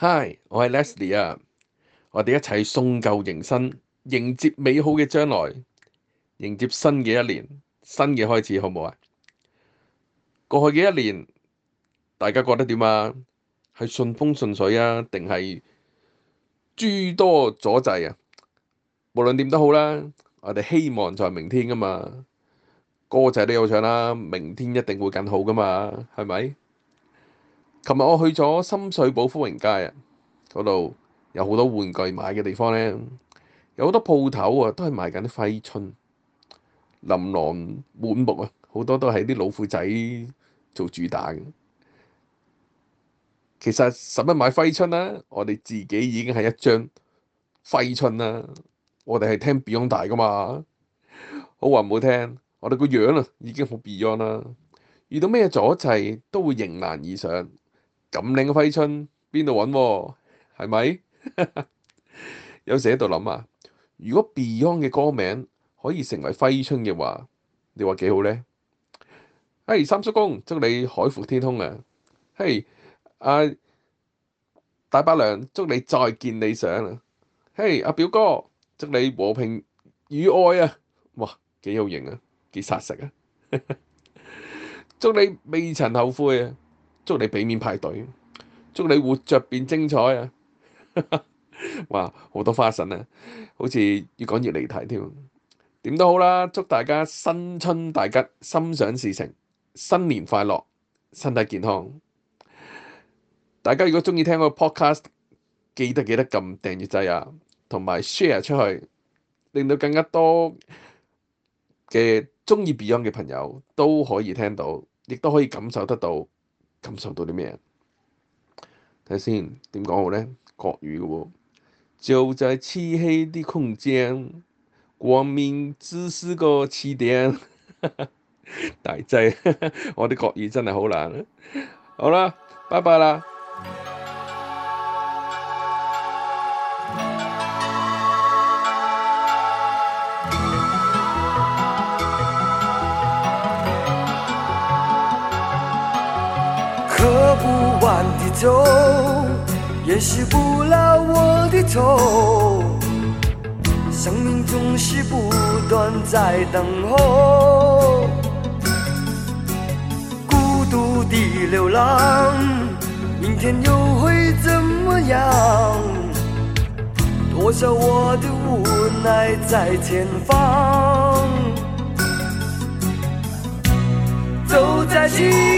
Hi，我係 Leslie 啊，我哋一齊送舊迎新，迎接美好嘅將來，迎接新嘅一年，新嘅開始，好唔好啊？過去嘅一年，大家覺得點啊？係順風順水啊，定係諸多阻滯啊？無論點都好啦，我哋希望在明天㗎嘛，歌仔都有唱啦，明天一定會更好㗎嘛，係咪？琴日我去咗深水埗福榮街啊，嗰度有好多玩具買嘅地方咧，有好多鋪頭啊，都係賣緊啲揮春，琳琅滿目啊，好多都係啲老虎仔做主打嘅。其實使乜買揮春啊？我哋自己已經係一張揮春啦、啊。我哋係聽 Beyond 大㗎嘛，好話唔好聽，我哋個樣啊已經好 Beyond 啦。遇到咩阻滯都會迎難而上。咁靚嘅揮春邊度揾？係咪、啊？ 有時喺度諗啊，如果 Beyond 嘅歌名可以成為揮春嘅話，你話幾好呢？嘿，三叔公祝你海闊天空啊！嘿，阿、啊、大伯娘祝你再見理想啊！嘿，阿、啊、表哥祝你和平與愛啊！哇，幾有型啊！幾殺食啊！ 祝你未曾後悔啊！祝你俾面派對，祝你活着變精彩啊！ 哇，好多花神啊，好似越講越離題添。點都好啦，祝大家新春大吉，心想事成，新年快樂，身體健康。大家如果中意聽個 podcast，記得記得撳訂閱掣啊，同埋 share 出去，令到更加多嘅中意 Beyond 嘅朋友都可以聽到，亦都可以感受得到。感受到啲咩？睇下先，點講好咧？國語嘅喎、哦，就在係漆黑啲空間，光明只是個起點，大劑！ 我啲國語真係好難、啊。好啦，拜拜啦！掩飾不了我的愁，生命總是不斷在等候，孤獨的流浪，明天又會怎麼樣？多少我的無奈在前方，走在。